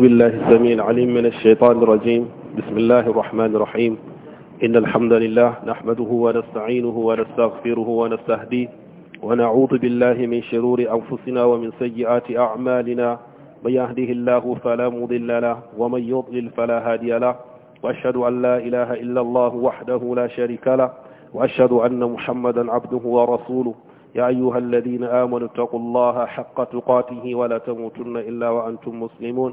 بالله السميع العليم من الشيطان الرجيم بسم الله الرحمن الرحيم إن الحمد لله نحمده ونستعينه ونستغفره ونستهديه ونعوذ بالله من شرور أنفسنا ومن سيئات أعمالنا من يهده الله فلا مضل له ومن يضلل فلا هادي له وأشهد أن لا إله إلا الله وحده لا شريك له وأشهد أن محمدا عبده ورسوله يا أيها الذين آمنوا اتقوا الله حق تقاته ولا تموتن إلا وأنتم مسلمون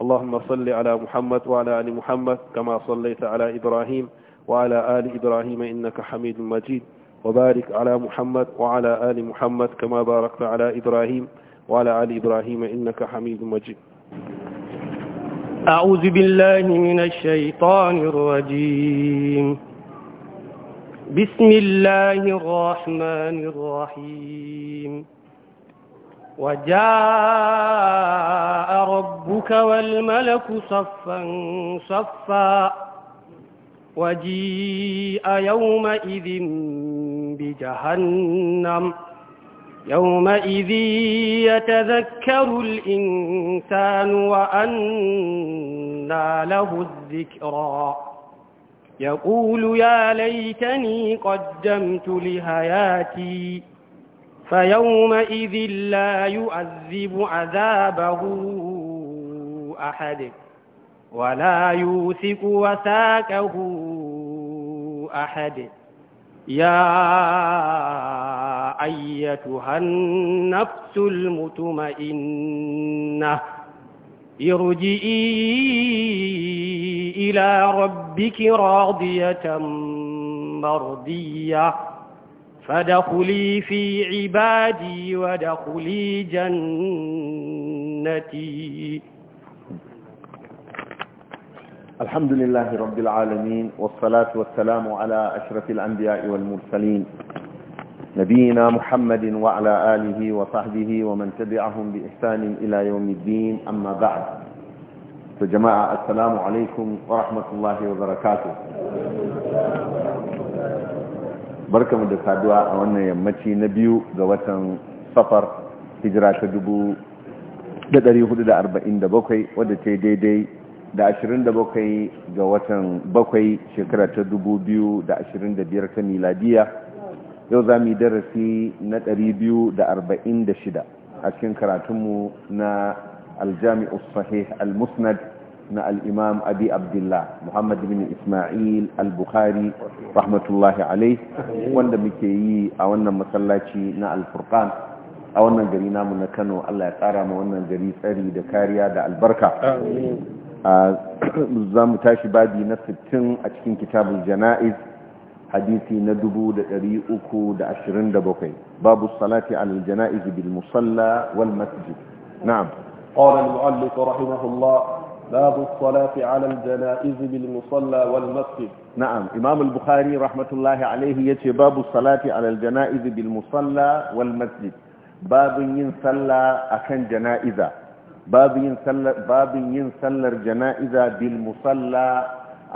اللهم صل على محمد وعلى آل محمد كما صليت على إبراهيم وعلى آل إبراهيم إنك حميد مجيد وبارك على محمد وعلى آل محمد كما باركت على إبراهيم وعلى آل إبراهيم إنك حميد مجيد أعوذ بالله من الشيطان الرجيم بسم الله الرحمن الرحيم وجاء ربك والملك صفا صفا وجيء يومئذ بجهنم يومئذ يتذكر الإنسان وأنى له الذكرى يقول يا ليتني قدمت لحياتي فيومئذ لا يعذب عذابه أحد ولا يوثق وثاكه أحد يا أيتها النفس المطمئنة ارجئي إلى ربك راضية مرضية فادخلي في عبادي وادخلي جنتي الحمد لله رب العالمين والصلاة والسلام على أشرف الأنبياء والمرسلين نبينا محمد وعلى آله وصحبه ومن تبعهم بإحسان إلى يوم الدين أما بعد فجماعة السلام عليكم ورحمة الله وبركاته barkamu da saduwa a wannan yammaci na biyu ga watan safar hijira ta dubu da hudu da arba'in bakwai wadda ta daidai da ashirin da bakwai ga watan bakwai shekara ta dubu biyu da da biyar ta miladiya yau za mu yi darasi na biyu da da shida a cikin karatunmu na aljami'ar sahih al-musnad na al'imam abi abdullah muhammad bin ismail al-bukhari rahmatullahi alai wanda muke yi a wannan masallaci na alfurkan a wannan gari namu na kano allah ya tsara ma wannan gari tsari da kariya da albarka ah, za mu tashi babi na 60 a cikin kitabul jana'iz hadisi na 327 babu salati al jana'iz bil musalla wal masjid na'am قال المؤلف رحمه الله باب الصلاة على الجنائز بالمصلى والمسجد نعم إمام البخاري رحمة الله عليه يتي باب الصلاة على الجنائز بالمصلى والمسجد باب ينصلى أكن جنائزة باب ينصلى باب ينصلى الجنائزة بالمصلى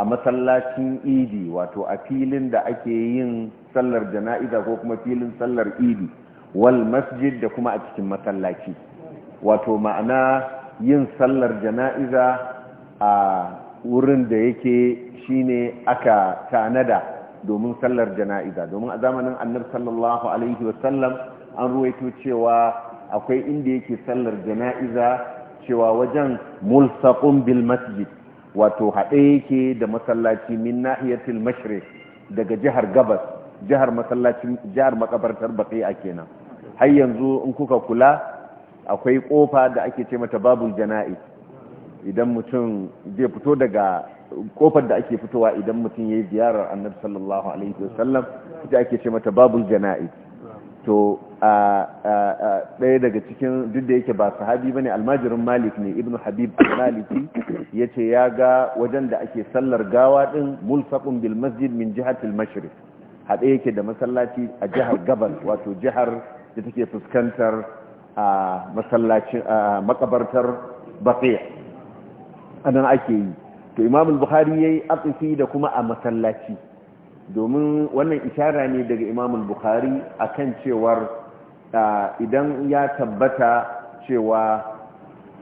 أمسلاتين إيدي واتو أكيلن دا أكيين صلى الجنائزة وكما كيلن صلى إيدي والمسجد دا كما أكيين مسلاتي واتو معناه yin sallar jana'iza a wurin da yake shine aka tanada domin sallar jana'iza domin a zamanin annabi sallallahu alaihi wasallam an ruwaito cewa akwai inda yake sallar jana'iza cewa wajen mulsaqun bil masjid wato haɗe yake da masallaci min nahiyatil mashriq daga jihar gabas jihar masallacin jihar makabartar baqi'a kenan har yanzu in kuka kula akwai kofa da ake ce mata babul jana'i idan mutum zai fito daga kofar da ake fitowa idan mutum ya yi ziyarar annabi sallallahu alaihi wasallam ita ake ce mata babul jana'i to a ɗaya daga cikin duk da yake ba sahabi bane almajirin malik ne ibnu habib al-maliki yace ya ga wajen da ake sallar gawa din mulsaqun bil masjid min jihatil mashriq haɗe yake da masallaci a jihar gabas wato jihar da take fuskantar a masallacin makabartar baqiya anan ake yi to imam al-bukhari yayi aqfi da kuma a masallaci domin wannan ishara ne daga imam al-bukhari akan cewar idan ya tabbata cewa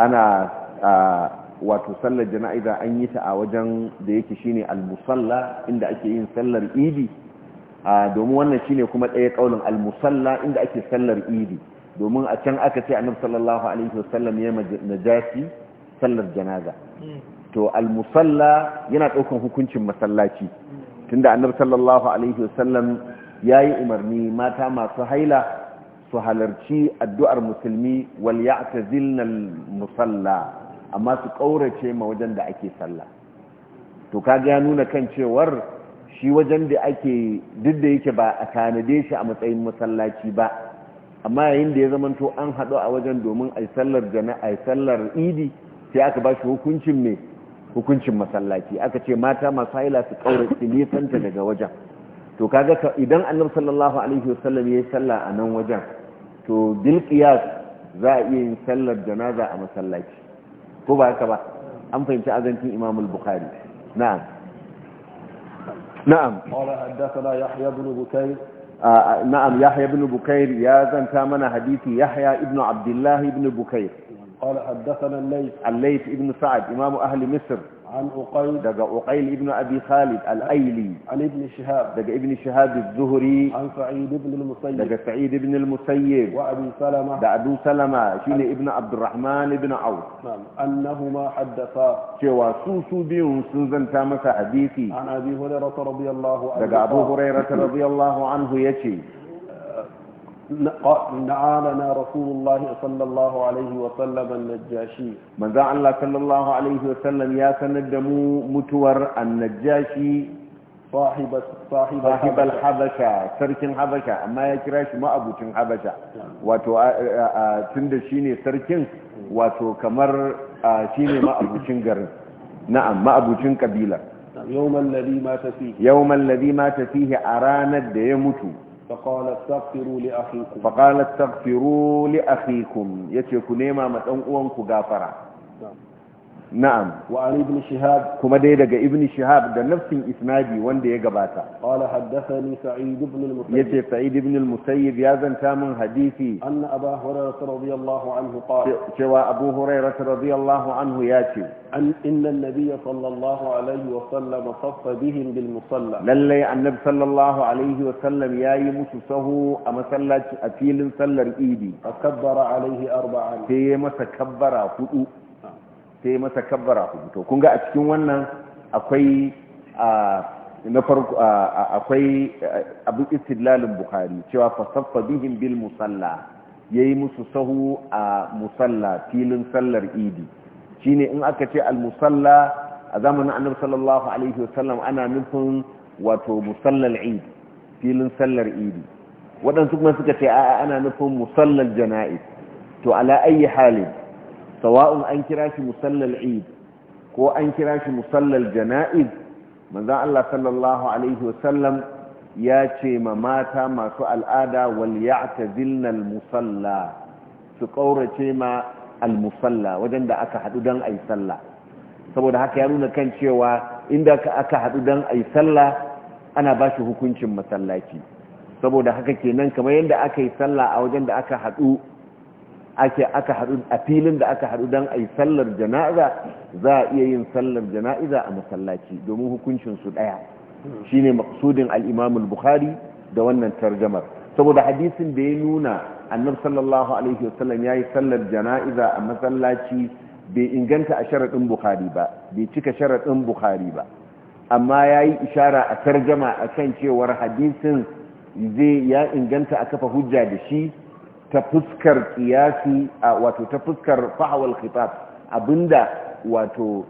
ana wato sallar jana'iza an yi ta a wajen da yake shine al-musalla inda ake yin sallar idi domin wannan shine kuma ɗaya kaulin al-musalla inda ake sallar idi domin a can aka ce annabi sallallahu alaihi wasallam ya najasi sallar janaza to al-musalla yana daukan hukuncin masallaci tunda annabi sallallahu alaihi wasallam yayi umarni mata masu haila su halarci addu'ar musulmi wal ya'tazilna al-musalla amma su kaurace ma wajen da ake sallah to kaga ya nuna kan cewar shi wajen da ake duk da yake ba a tanade shi a matsayin masallaci ba amma yayin da ya zamanto an haɗu a wajen domin a sallar jana a sallar idi sai aka ba shi hukuncin mai hukuncin masallaci aka ce mata masu haila su kaura su nisanta daga wajen to kaga idan annab sallallahu alaihi wasallam ya yi sallah a nan wajen to bil qiyas za a iya yin sallar janaza a masallaci ko ba haka ba an fahimci azancin imam al-bukhari na'am na'am qala haddathana yahya ibn bukayr آه، آه، نعم يحيى بن بكير يا زن من حديث يحيى ابن عبد الله ابن بكير قال حدثنا الليث الليث ابن سعد إمام أهل مصر عن أقيل دقى أقيل ابن أبي خالد الأيلي عن ابن شهاب دقى ابن شهاب الزهري عن سعيد بن المسيب دقى سعيد بن المسيب وأبي سلمة دقى أبو سلمة شين ابن عبد الرحمن بن عوف نعم أنهما حدثا شوى سوسو بيون سنزن تامس حديثي عن أبي هريرة رضي الله عنه دقى أبو هريرة رضي الله عنه يشي نعالنا رسول الله صلى الله عليه وسلم النجاشي من ذا الله صلى الله عليه وسلم يا سندمو متور النجاشي صاحب صاحب صاحب الحبشة سركن حبشة أما يكراش ما أبو تن حبشة واتو تندشيني سركن واتو كمر شيني ما أبو تنقر نعم ما أبو تنقبيلة يوم الذي مات فيه يوم الذي مات فيه أرانا ديمتو فقال استغفروا لأخيكم فقال استغفروا لأخيكم يتي كنيما متنقوانك غافرا na'am wa an ibn shihab kuma dai daga ibn shihab da nafsin isnadi wanda ya gabata qala haddathani sa'id ibn al-musayyib yace sa'id ibn al ya zanta min hadisi anna abu hurairah radiyallahu anhu qala cewa abu hurairah radiyallahu anhu yace an inna an sallallahu alaihi wa sallam saffa bihim bil musalla lalle annabi sallallahu alaihi wa sallam yayi musu sahu a masallaci a filin sallar idi akabbara alaihi arba'an sai masa kabbara huɗu. sai masa kabbara hudu to kun ga a cikin wannan akwai na farko akwai abin istidlalin bukhari cewa fasaffa bihim bil musalla yayi musu sahu a musalla filin sallar idi shine in aka ce al musalla a zamanin annabi sallallahu alaihi wasallam ana nufin wato musallal idi filin sallar idi waɗansu kuma suka ce a'a ana nufin musallal jana'iz to ala ayi halin sawa'un an kira shi musallal eid ko an kira shi musallar jana'iz manzan Allah sallallahu alaihi wasallam ya ce ma mata masu al'ada wal ya'tazilna al musalla su kaurace ma al wajen da aka hadu dan ayi sallah saboda haka ya nuna kan cewa inda aka haɗu dan ayi sallah ana ba shi hukuncin masallaci saboda haka kenan kamar yadda aka yi sallah a wajen da aka haɗu. ake aka haɗu a filin da aka haɗu don a yi sallar jana'iza za a iya yin sallar jana'iza a masallaci domin hukuncinsu ɗaya shi ne maksudin al'imamul bukhari da wannan tarjamar saboda hadisin da ya nuna annab sallallahu alaihi wasallam ya yi sallar jana'iza a masallaci bai inganta a sharaɗin bukhari ba bai cika sharaɗin bukhari ba amma ya yi ishara a tarjama a kan cewar hadisin zai ya inganta a kafa hujja da shi ta fuskar kiyasi wato ta fuskar fahawar khitab abinda wato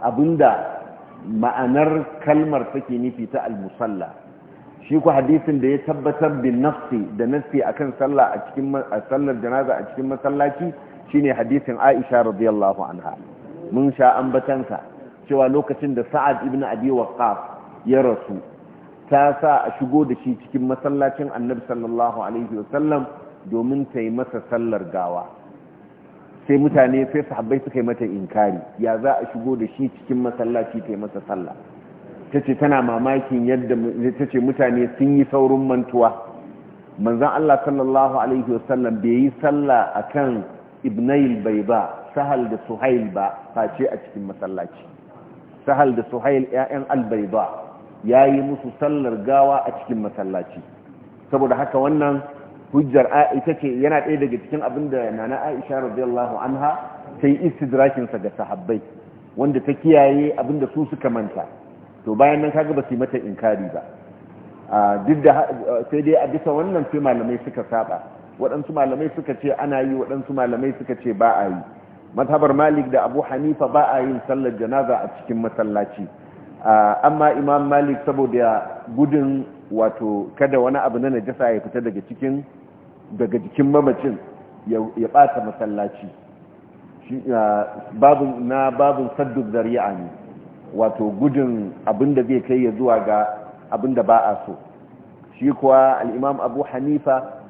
abinda ma'anar kalmar take nufi ta al-musalla shi ku hadisin da ya tabbatar bin nafsi da nafsi akan sallah a cikin sallar janaza a cikin masallaci shine hadisin Aisha radiyallahu anha mun sha ambatansa cewa lokacin da Sa'ad ibn Abi Waqqas ya rasu ta sa a shigo da shi cikin masallacin annabi sallallahu alaihi wasallam domin ta yi masa sallar gawa sai mutane sai sahabbai suka yi mata inkari ya za a shigo da shi cikin masallaci ta yi masa sallah ta ce tana mamakin yadda ta ce mutane sun yi saurin mantuwa manzan Allah sallallahu alaihi wasallam bai yi sallah a kan ibnail bai ba sahal da suhail ba face a cikin masallaci sahal da suhail 'ya'yan albaiba ya yi musu sallar gawa a cikin masallaci saboda haka wannan hujjar ita ce yana ɗaya daga cikin abin da nana aisha radiyallahu anha ta yi istidrakinsa ga sahabbai wanda ta kiyaye abin da su suka manta to bayan nan kaga ba su yi mata inkari ba duk da sai dai a bisa wannan sai malamai suka saba waɗansu malamai suka ce ana yi waɗansu malamai suka ce ba a yi mazhabar malik da abu hanifa ba a yin sallar janaza a cikin masallaci amma imam malik saboda gudun wato kada wani abu na najasa ya fita daga cikin daga jikin mamacin ya bata masallaci na babin sadduk zari'a ne wato gudun abinda zai kai ya zuwa ga abinda ba a so shi kuwa al'imam abu hanifa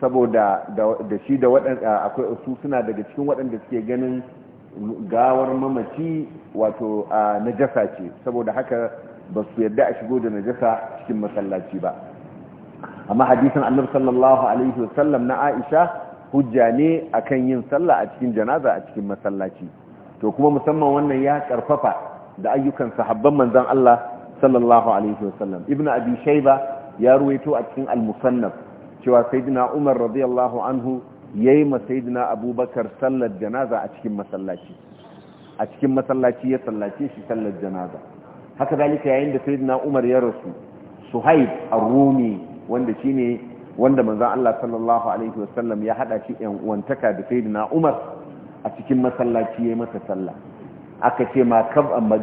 saboda da shi da waɗanda akwai su suna daga cikin waɗanda suke ganin gawar mamaci wato a najasa ce saboda haka ba su yadda a shigo da najasa cikin masallaci ba amma hadisin annab sallallahu alaihi wasallam na Aisha hujja ne akan yin sallah a cikin janaza a cikin masallaci to kuma musamman wannan ya karfafa da ayyukan sahabban manzan Allah sallallahu alaihi wasallam ibnu abi shayba ya ruwaito a cikin al-musannaf cewa sayyidina Umar radiyallahu anhu ya yi masaidina abubakar sallar janaza a cikin masallaci a cikin masallaci ya sallace shi sallar janaza haka zalika yayin da saidina umar ya rasu suhaib arumi rumi wanda shine wanda manzan Allah sallallahu alaihi wasallam ya hada shi ɗan uwantaka da saidina umar a cikin masallaci yi masa sallah aka ce ma kab amma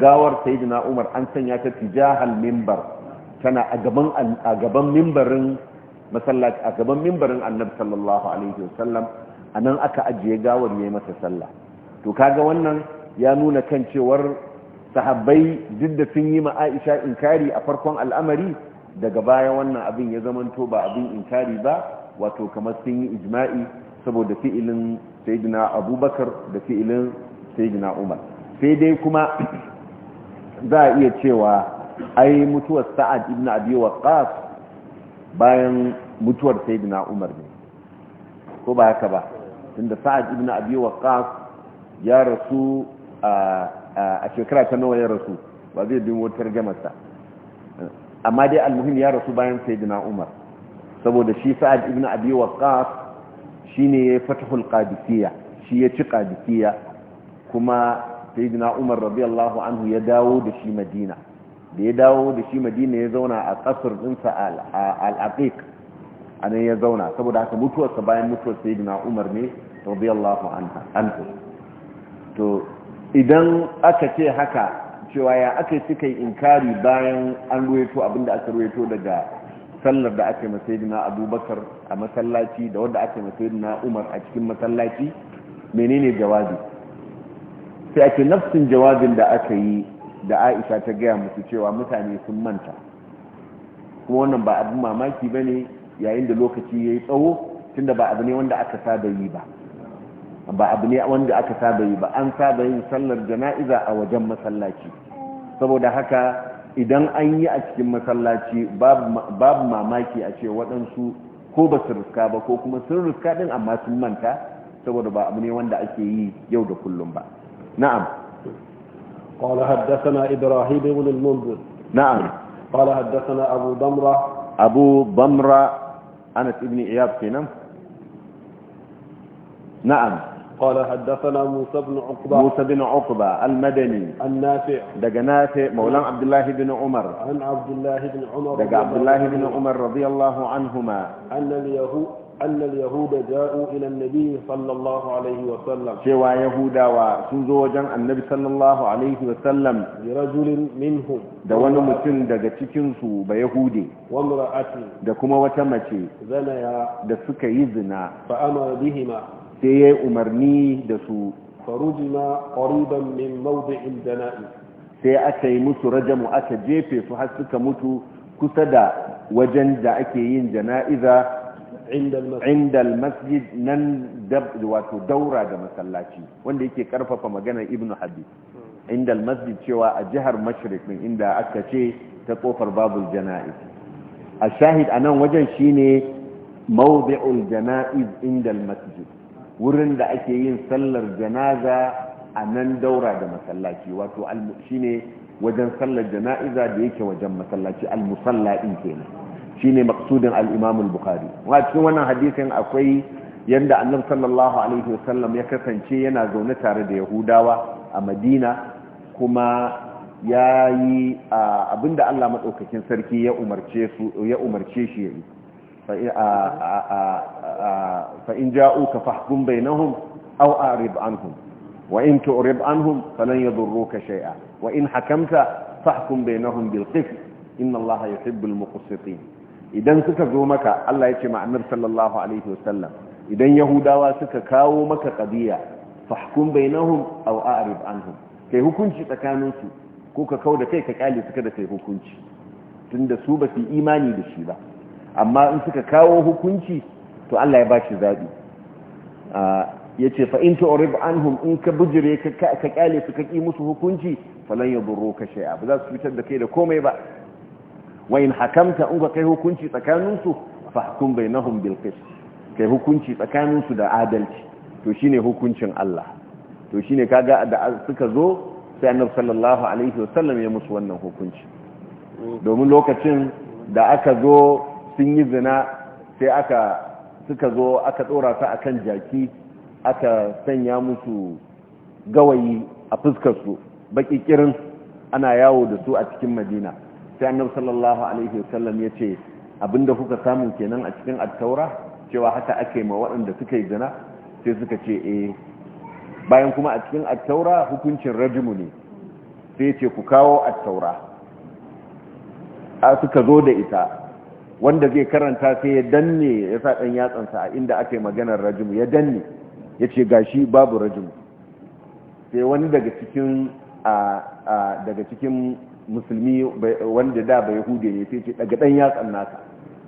gawar saidina umar an sanya ta tijahal mimbar tana a gaban mimbarin. masallaci a gaban mimbarin annabi sallallahu alaihi wasallam a nan aka ajiye gawar ya yi masa sallah to kaga wannan ya nuna kan cewar sahabbai duk da sun yi ma aisha inkari a farkon al'amari daga baya wannan abin ya zamanto ba abin inkari ba wato kamar sun yi ijma'i saboda fi'ilin sayyidina abubakar da fi'ilin sayyidina umar sai dai kuma za a iya cewa ai mutuwar sa'ad ibn abi waqqas bayan mutuwar saidina umar ne ko ba haka ba tunda sa'ad ibn abi waqqas ya rasu a shekara ta nawa ya rasu ba zai bin wutar gamarsa amma dai almuhim ya rasu bayan saidina umar saboda shi sa'ad ibn abi waqqas shine ya fatahul qadisiyya shi ya ci qadisiyya kuma sayyidina umar radiyallahu anhu ya dawo da shi madina da ya dawo da shi madina ya zauna a kasar dinsa al-aqiq a ya zauna saboda haka mutuwarsa bayan mutuwar sayyidina umar ne radiyallahu anhu to idan aka ce haka cewa ya aka cika inkari bayan an ruwaito abinda aka ruwaito daga sallar da aka yi abubakar a masallaci da wanda aka yi umar a cikin masallaci menene jawabi sai ake nafsin jawabin da aka yi da aisha ta gaya musu cewa mutane sun manta kuma wannan ba abin mamaki ba ne yayin da lokaci ya yi tsawo tunda ba abu ne wanda aka saba yi ba ba abu ne wanda aka saba yi ba an saba yin sallar jana'iza a wajen masallaci saboda haka idan an yi a cikin masallaci babu mamaki a ce waɗansu ko ba su riska ba ko kuma sun riska ɗin amma sun manta saboda ba abu ne wanda ake yi yau da kullum ba na'am قال حدثنا إبراهيم بن المنذر نعم قال حدثنا أبو ضمرة أبو ضمرة أنس ابن إياب كنم نعم قال حدثنا موسى بن عقبة موسى بن عقبة المدني النافع دق نافع مولان عبد الله بن عمر عن عبد الله بن عمر دق عبد الله بن عمر رضي الله عنهما أن اليهود أن اليهود جاءوا إلى النبي صلى الله عليه وسلم شوى يهودا وسن زوجا النبي صلى الله عليه وسلم برجل منهم دوان مسن دغا cikin su ba yahudi wamra'ati da kuma wata mace zanaya da suka yi zina fa amara bihima sai yayi umarni da su farujima qariban min mawdi'il janaiz sai aka yi musu rajamu aka jefe su har suka mutu kusa da wajen da ake yin jana'iza inda masjid nan wato daura da masallaci wanda yake karfafa maganar ibnu habib inda masjid cewa a jihar mashrik ɗin inda aka ce ta kofar babul jana'iz ashahid shahid a nan wajen shine mawdi'ul jana'iz inda masjid wurin da ake yin sallar janaza a nan daura da masallaci wato shine wajen sallar jana'iza da yake wajen masallaci al-musalla din kenan shine maqsudin al-Imam al-Bukhari wa cikin wannan hadisin akwai yadda Annabi sallallahu alaihi wasallam ya kasance yana zaune tare da Yahudawa a Madina kuma yayi abinda Allah maɗaukakin sarki ya umarce su ya umarce shi yayi fa in ja'uka fahkum bainahum aw a'rid anhum wa in sanan ya falan yadurruka shai'a wa in hakamta fahkum bainahum bil qist inna Allah yuhibbul idan suka zo maka Allah ya ce ma'anar sallallahu alaihi wasallam idan yahudawa suka kawo maka qadiya fahkum bainahum aw a'rid anhum kai hukunci tsakanin su ko ka kauda kai ka kyale suka da kai hukunci tunda su ba su imani da shi ba amma in suka kawo hukunci to Allah ya bashi zabi ya ce fa in tu'rid anhum in ka bujire ka kyale su ka ki musu hukunci falan yadurruka shay'a ba za su fitar da kai da komai ba wa in hakamta in ka kai hukunci tsakaninsu fahkum bainahum bil qist kai hukunci tsakaninsu da adalci to shine hukuncin Allah to shine kaga da suka zo sai annab sallallahu alaihi wasallam ya musu wannan hukunci domin lokacin da aka zo sun yi zina sai aka suka zo aka dora ta akan jaki aka sanya musu gawayi a fuskar su baki ana yawo da su a cikin madina sai annabi sallallahu alaihi wasallam ya ce abinda kuka samu kenan a cikin attaura cewa haka ake ma waɗanda suka yi zina sai suka ce eh bayan kuma a cikin attaura hukuncin rajimu ne sai ce ku kawo attaura a suka zo da ita wanda zai karanta sai ya danne ya sa ɗan yatsansa a inda ake maganar rajimu ya danne ya ce gashi babu rajimu sai wani daga cikin daga cikin musulmi wanda da ba yahudi ne sai ce daga dan yatsan naka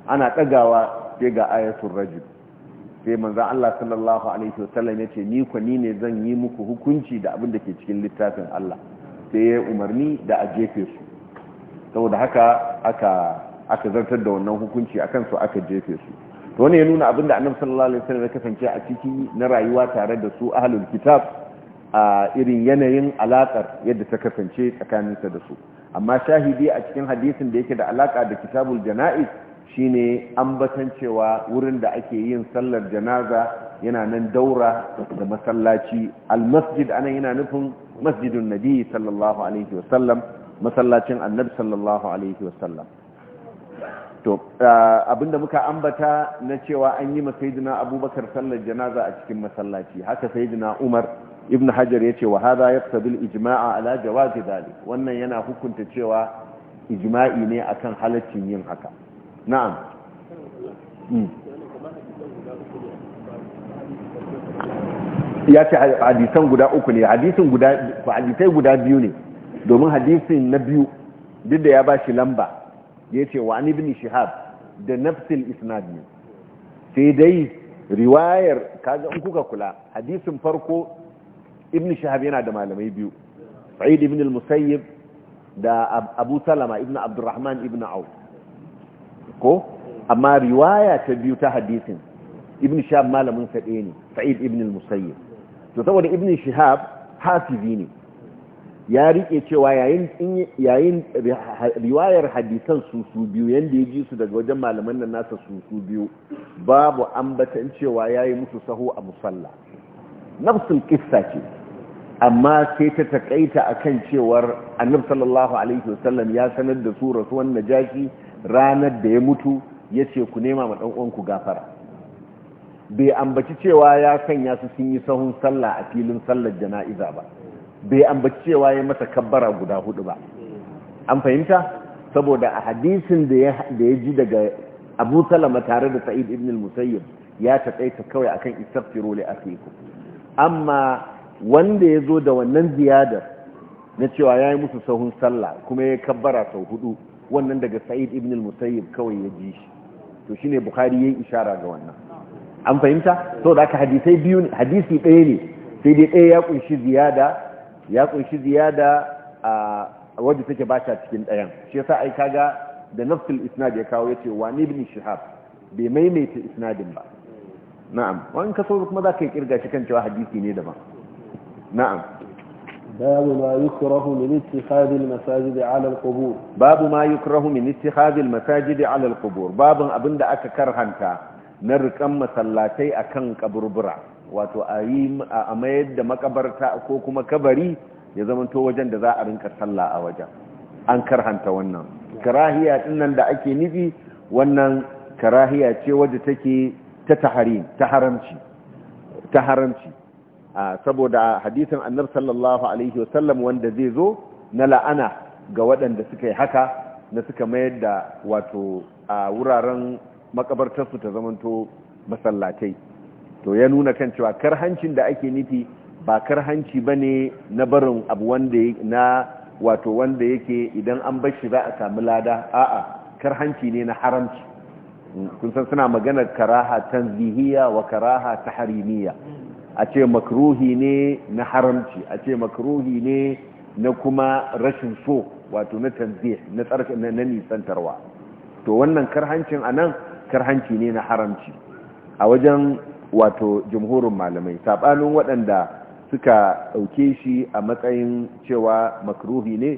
ana dagawa sai ga ayatul rajul sai manzo Allah sallallahu alaihi wasallam yace ni ko ni ne zan yi muku hukunci da abin da ke cikin littafin Allah sai ya umarni da a jefe su saboda haka aka aka zartar da wannan hukunci akan su aka jefe su to wannan ya nuna abin da annabi sallallahu alaihi wasallam ya kasance a ciki na rayuwa tare da su ahlul kitab a irin yanayin alaƙar yadda ta kasance tsakaninsa da su amma shahidi a cikin hadisin da yake da alaka da kitabul jana'iz shine ambatan cewa wurin da ake yin sallar janaza yana nan daura da masallaci almasjid anan yana nufin masjidun nabi sallallahu alaihi wasallam masallacin annabi sallallahu alaihi wasallam to abinda muka ambata na cewa an yi ma saidina abubakar sallar janaza a cikin masallaci haka saidina umar ibn hajar ya ce wa haza ya ijma'a ala jawazi dali wannan yana hukunta cewa ijma'i ne akan halaccin yin haka na'am hmm. ya ce hadisan guda uku ne hadisin guda hadisai guda biyu ne domin hadisin na biyu duk da ya ba shi lamba ya ce wa an ibn shihab da nafsil isnad ne sai dai riwayar kaga in kuka kula hadisin farko ibn shahab yana da malamai biyu sa'id ibn al-musayyib da abu salama ibn abdurrahman ibn auf ko amma riwaya ta biyu ta hadisin ibn shahab malamin sa ne sa'id ibn al-musayyib to saboda ibn shahab hafizi ne ya rike cewa yayin yayin riwayar hadisan su su biyu yanda yaji su daga wajen malaman nan nasa su su biyu babu ambatan cewa yayi musu saho a musalla nafsul kissa ce amma sai ta takaita akan cewar annab sallallahu alaihi wasallam ya sanar da su rasuwan najashi ranar da ya mutu ya ce ku nema ma ɗan ku gafara bai ambaci cewa ya sanya su sun yi sahun sallah a filin sallar jana'iza ba bai ambaci cewa ya masa kabbara guda hudu ba an fahimta saboda a hadisin da ya ji daga abu salama tare da sa'id ibn al-musayyib ya taƙaita kawai akan istaghfiru li akhikum amma wanda ya zo da wannan ziyadar na cewa ya yi musu sahun sallah kuma ya kabbara sau hudu wannan daga sa'id ibn al-musayyib kawai ya ji shi to shine bukhari yayi ishara ga wannan an fahimta to da aka hadisai biyu hadisi ɗaya ne sai dai ɗaya ya kunshi ziyada ya kunshi ziyada a wajen take ba ta cikin ɗayan shi yasa ai kaga da nafsul isnad ya kawo yace wa ibn shihab bai maimaita isnadin ba na'am wani ka kuma za ka yi kirga shi kan cewa hadisi ne daban na'am babu ma yukrahu min ittikhadil masajidi ala alqubur babu ma yukrahu min ittikhadil masajidi ala alqubur abinda aka karhanta na rikan masallatai akan kaburbura wato a yi a mayar da makabarta ko kuma kabari ya zamanto wajen da za a rinka sallah a wajen an karhanta wannan karahiya nan da ake nufi wannan karahiya ce wadda take ta taharim ta haramci saboda hadisin annabi sallallahu alaihi wasallam wanda zai zo na la'ana ga waɗanda suka yi haka na suka mayar da wato a wuraren makabartarsu ta zamanto masallatai to ya nuna kan cewa kar karhancin da ake nufi ba karhanci ba ne na barin abu wanda na wato wanda yake idan an bashi za a samu lada a'a kar hanci ne na haramci kun san suna maganar karaha tanzihiya wa karaha taharimiya a ce makruhi ne na haramci a ce makruhi ne na kuma rashin so wato na tanzih na nisantarwa to wannan karhancin anan karhanci ne na haramci a wajen wato jumhurin malamai sabanin waɗanda suka ɗauke shi a matsayin cewa makruhi ne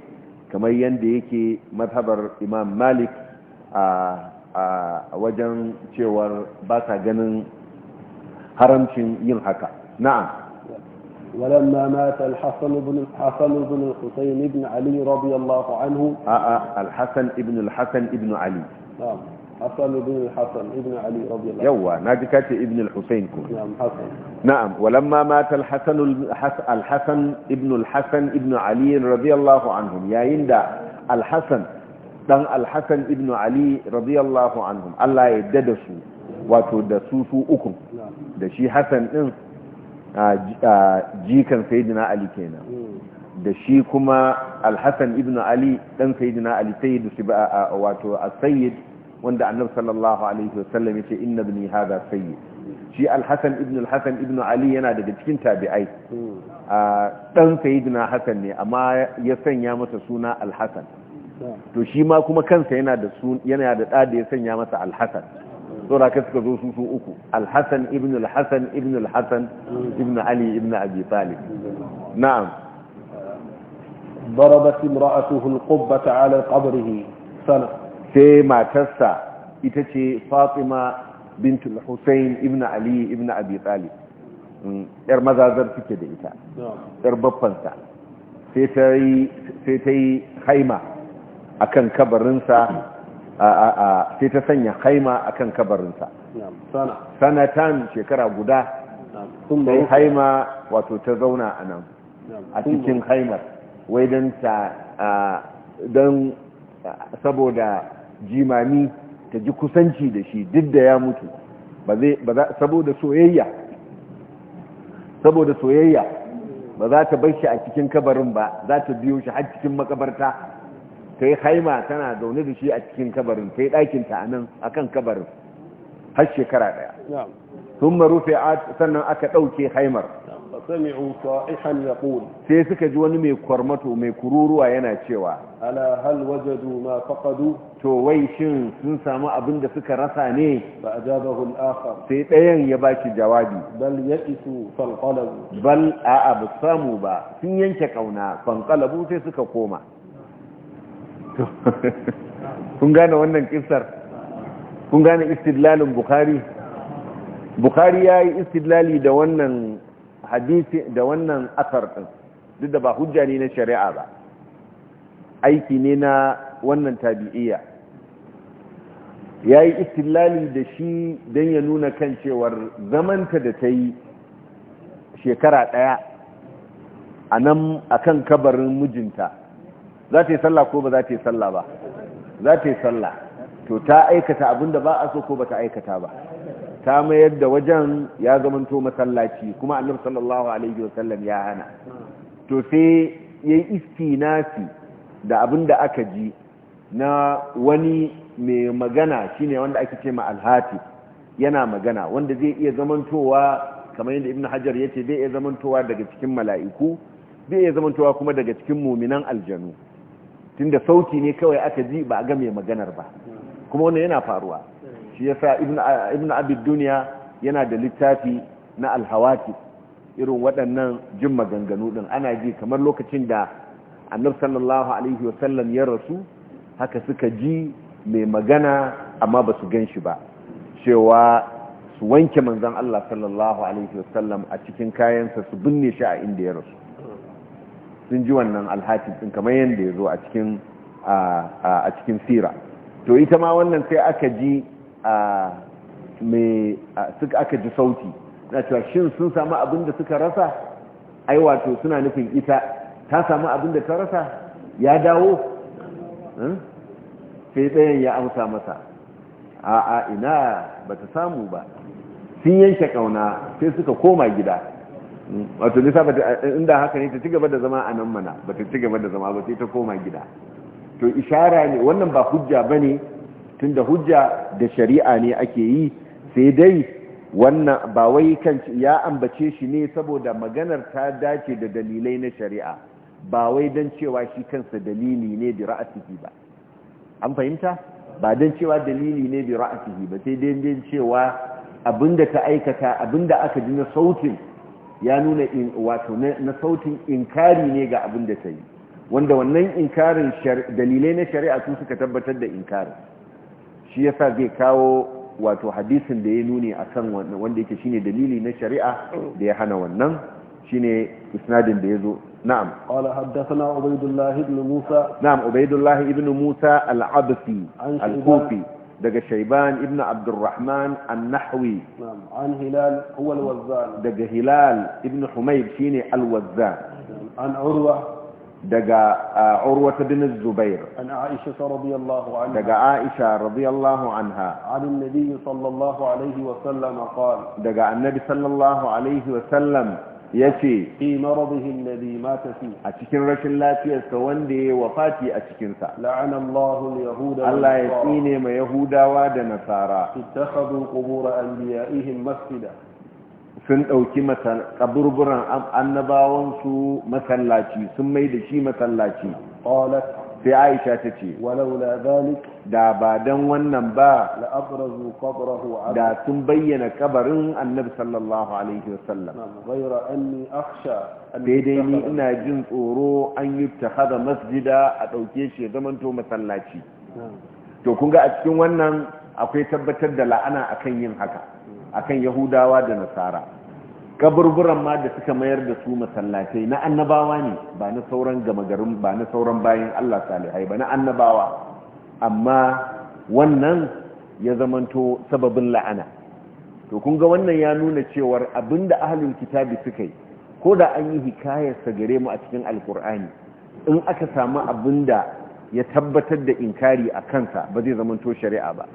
kamar yadda yake mazhabar imam malik a a wajen cewar ba ta ganin haramcin yin haka na'am ولما مات الحسن بن الحسن بن الحسين بن علي رضي الله عنه آآ الحسن ابن الحسن ابن علي نعم حسن بن الحسن ابن علي رضي الله عنه يوا ناجكات ابن الحسين كون نعم حسن نعم ولما مات الحسن الحسن ابن الحسن ابن علي رضي الله عنهم يا يندا الحسن dan alhassan ibn ali radiyallahu anhum Allah ya yadda da su wato da su su ukun da shi hassan din jikan sayyidina ali kenan da shi kuma alhassan ibn ali dan sayyidina ali sayyidu wato as-sayyid wanda annabi sallallahu alaihi wasallam yace inna ibni hadha sayyid shi alhassan ibn alhassan ibn ali yana daga cikin tabi'ai hmm. dan sayyidina hassan ne amma ya sanya masa suna alhassan to shi ma kuma kansa yana da yana da da ya sanya masa alhassan saboda ka suka zo su su uku alhassan ibn alhassan ibn alhassan ibn ali ibn abi talib na'am ضربت امرأته القبة على قبره sana. sai matarsa ita ce fatima bintul hussein ibn ali ibn abi talib mm, yar mazazar suke da ita yar baffansa sai ta yi haima akan kabarinsa sai ta sanya haima akan kabarinsa sanatan shekara guda sai haima wato ta zauna a nan a cikin haimar wai don ta don saboda jimami ta ji kusanci da shi duk da ya mutu saboda soyayya saboda soyayya ba za ta bai shi a cikin kabarin ba za ta biyo shi har cikin makabarta ta yi haima tana zaune da shi a cikin kabarin ta yi ɗakinta a nan a kan kabarin har shekara ɗaya sun marufe sannan aka ɗauke haimar sai suka ji wani mai kwarmato mai kururuwa yana cewa ala hal wajadu ma faqadu to wai shin sun samu abin da suka rasa ne ba a al-akhar sai ɗayan ya baki jawabi bal ya isu fankalabu bal a'a ba samu ba sun yanke kauna fanƙalabu sai suka koma kun gane wannan kisar kun gane istidlalin bukari bukari ya yi istidlali da wannan hadisi da wannan asar duk da ba hujja ne na shari'a ba aiki ne na wannan tabi'iyya ya yi istilali da shi don ya nuna kan cewar zamanta da ta yi shekara ɗaya a nan a kan kabarin mijinta za ta yi sallah ko ba za ta yi sallah ba za ta yi sallah to ta aikata abinda ba a so ko ba ta aikata ba ta mayar da wajen ya zamanto masallaci kuma annabi sallallahu alaihi wasallam ya hana to sai yayi istinasi da abin da aka ji na wani mai magana shine wanda ake ce ma alhati yana magana wanda zai iya zamantowa kamar yadda ibnu hajar yace zai iya zamantowa daga cikin mala'iku zai iya zamantowa kuma daga cikin muminan aljanu tunda sauti ne kawai aka ji ba a ga mai maganar ba kuma wannan yana faruwa shi ya yasa ibnu abid duniya yana da littafi na alhawati irin waɗannan jin maganganu ɗin ana ji kamar lokacin da annab sallallahu alaihi wasallam ya rasu haka suka ji mai magana amma ba su gan shi ba cewa su wanke manzan Allah sallallahu alaihi wasallam a cikin kayansa su binne shi a inda ya rasu sun ji wannan alhafi din kamar yadda ya zo a cikin a cikin sira to ita ma wannan sai aka ji mai suka aka ji sauti na cewa shin sun samu abin da suka rasa ai wato suna nufin ita ta samu abin da ta rasa ya dawo hmm? sai ɗayan ya amsa masa a'a ina ba ta samu ba sun yanke ƙauna sai suka koma gida wato nisa inda haka ne ta ci gaba da zama a nan mana ba ta ci gaba da zama ba sai ta koma gida to ishara ne wannan ba hujja ba ne tun hujja da shari'a ne ake yi sai dai wannan ba wai kan ya ambace shi ne saboda maganar ta dace da dalilai na shari'a ba wai don cewa shi kansa dalili ne bi ra'asihi ba an fahimta ba don cewa dalili ne bi ra'asihi ba sai dai don cewa abinda ta aikata abinda aka ji na sautin ya nuna wato na sautin inkari ne ga abin da ta yi wanda wannan inkarin dalilai na shari'a su suka tabbatar da inkarin shi yasa zai kawo wato hadisin da ya nuni a kan wanda yake shine dalili na shari'a da ya hana wannan shine isnadin da ya zo na'am qala haddathana ubaydullah ibn musa na'am ubaydullah ibn musa al abdi al-kufi دق شيبان ابن عبد الرحمن النحوي نعم عن هلال هو الوزان دق هلال ابن حميد شيني الوزان نعم. عن عروة دق آه، عروة بن الزبير عن عائشة رضي الله عنها دق عائشة رضي الله عنها عن النبي صلى الله عليه وسلم قال دقى النبي صلى الله عليه وسلم ce. fi maradihi alladhi mata fi a cikin rashin lafiyarsa wanda yayi wafati a cikinsa. La'anan la'ana yahuda Allah ya tsine ma yahudawa da nasara ittakhadhu qubur anbiya'ihim masjida sun ɗauki ƙaburburan annabawan su masallaci sun mai da shi masallaci qalat sai Aisha tace walaula zalik da ba don wannan ba da sun bayyana kabarin annabi sallallahu alaihi wasallam ghayra daidai ni ina jin tsoro an yi tahada masjida a ɗauke shi ya zamanto masallaci to kun ga a cikin wannan akwai tabbatar da la'ana akan yin haka akan yahudawa da nasara kaburburan ma da suka mayar da su masallacai na annabawa ne ba na sauran gama garin ba na sauran bayan Allah salihai ba na annabawa amma wannan ya zamanto sababin la'ana to kun ga wannan ya nuna cewar abinda ahlul kitabi suka yi ko da an yi hikayarsa gare mu a cikin alkur'ani in aka samu abinda ya tabbatar da inkari a kansa ba zai zamanto shari'a ba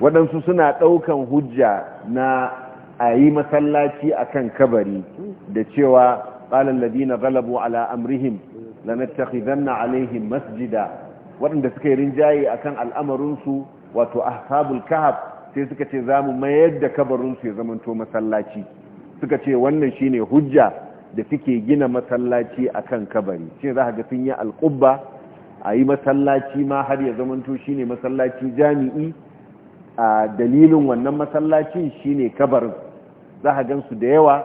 waɗansu suna ɗaukan hujja na a yi masallaci a kan kabari da cewa ƙalar ladina galabu ala amrihim lanattakhidanna alaihim masjida waɗanda suka yi rinjaye akan al'amarinsu wato ashabul kahab sai suka ce za mu mayar da kabarinsu ya zamanto masallaci suka ce wannan shine hujja da suke gina masallaci a kan kabari shi za a ga sun yi alƙubba a yi masallaci ma har ya zamanto shine masallaci jami'i a dalilin wannan masallacin shine kabarin za a gansu da yawa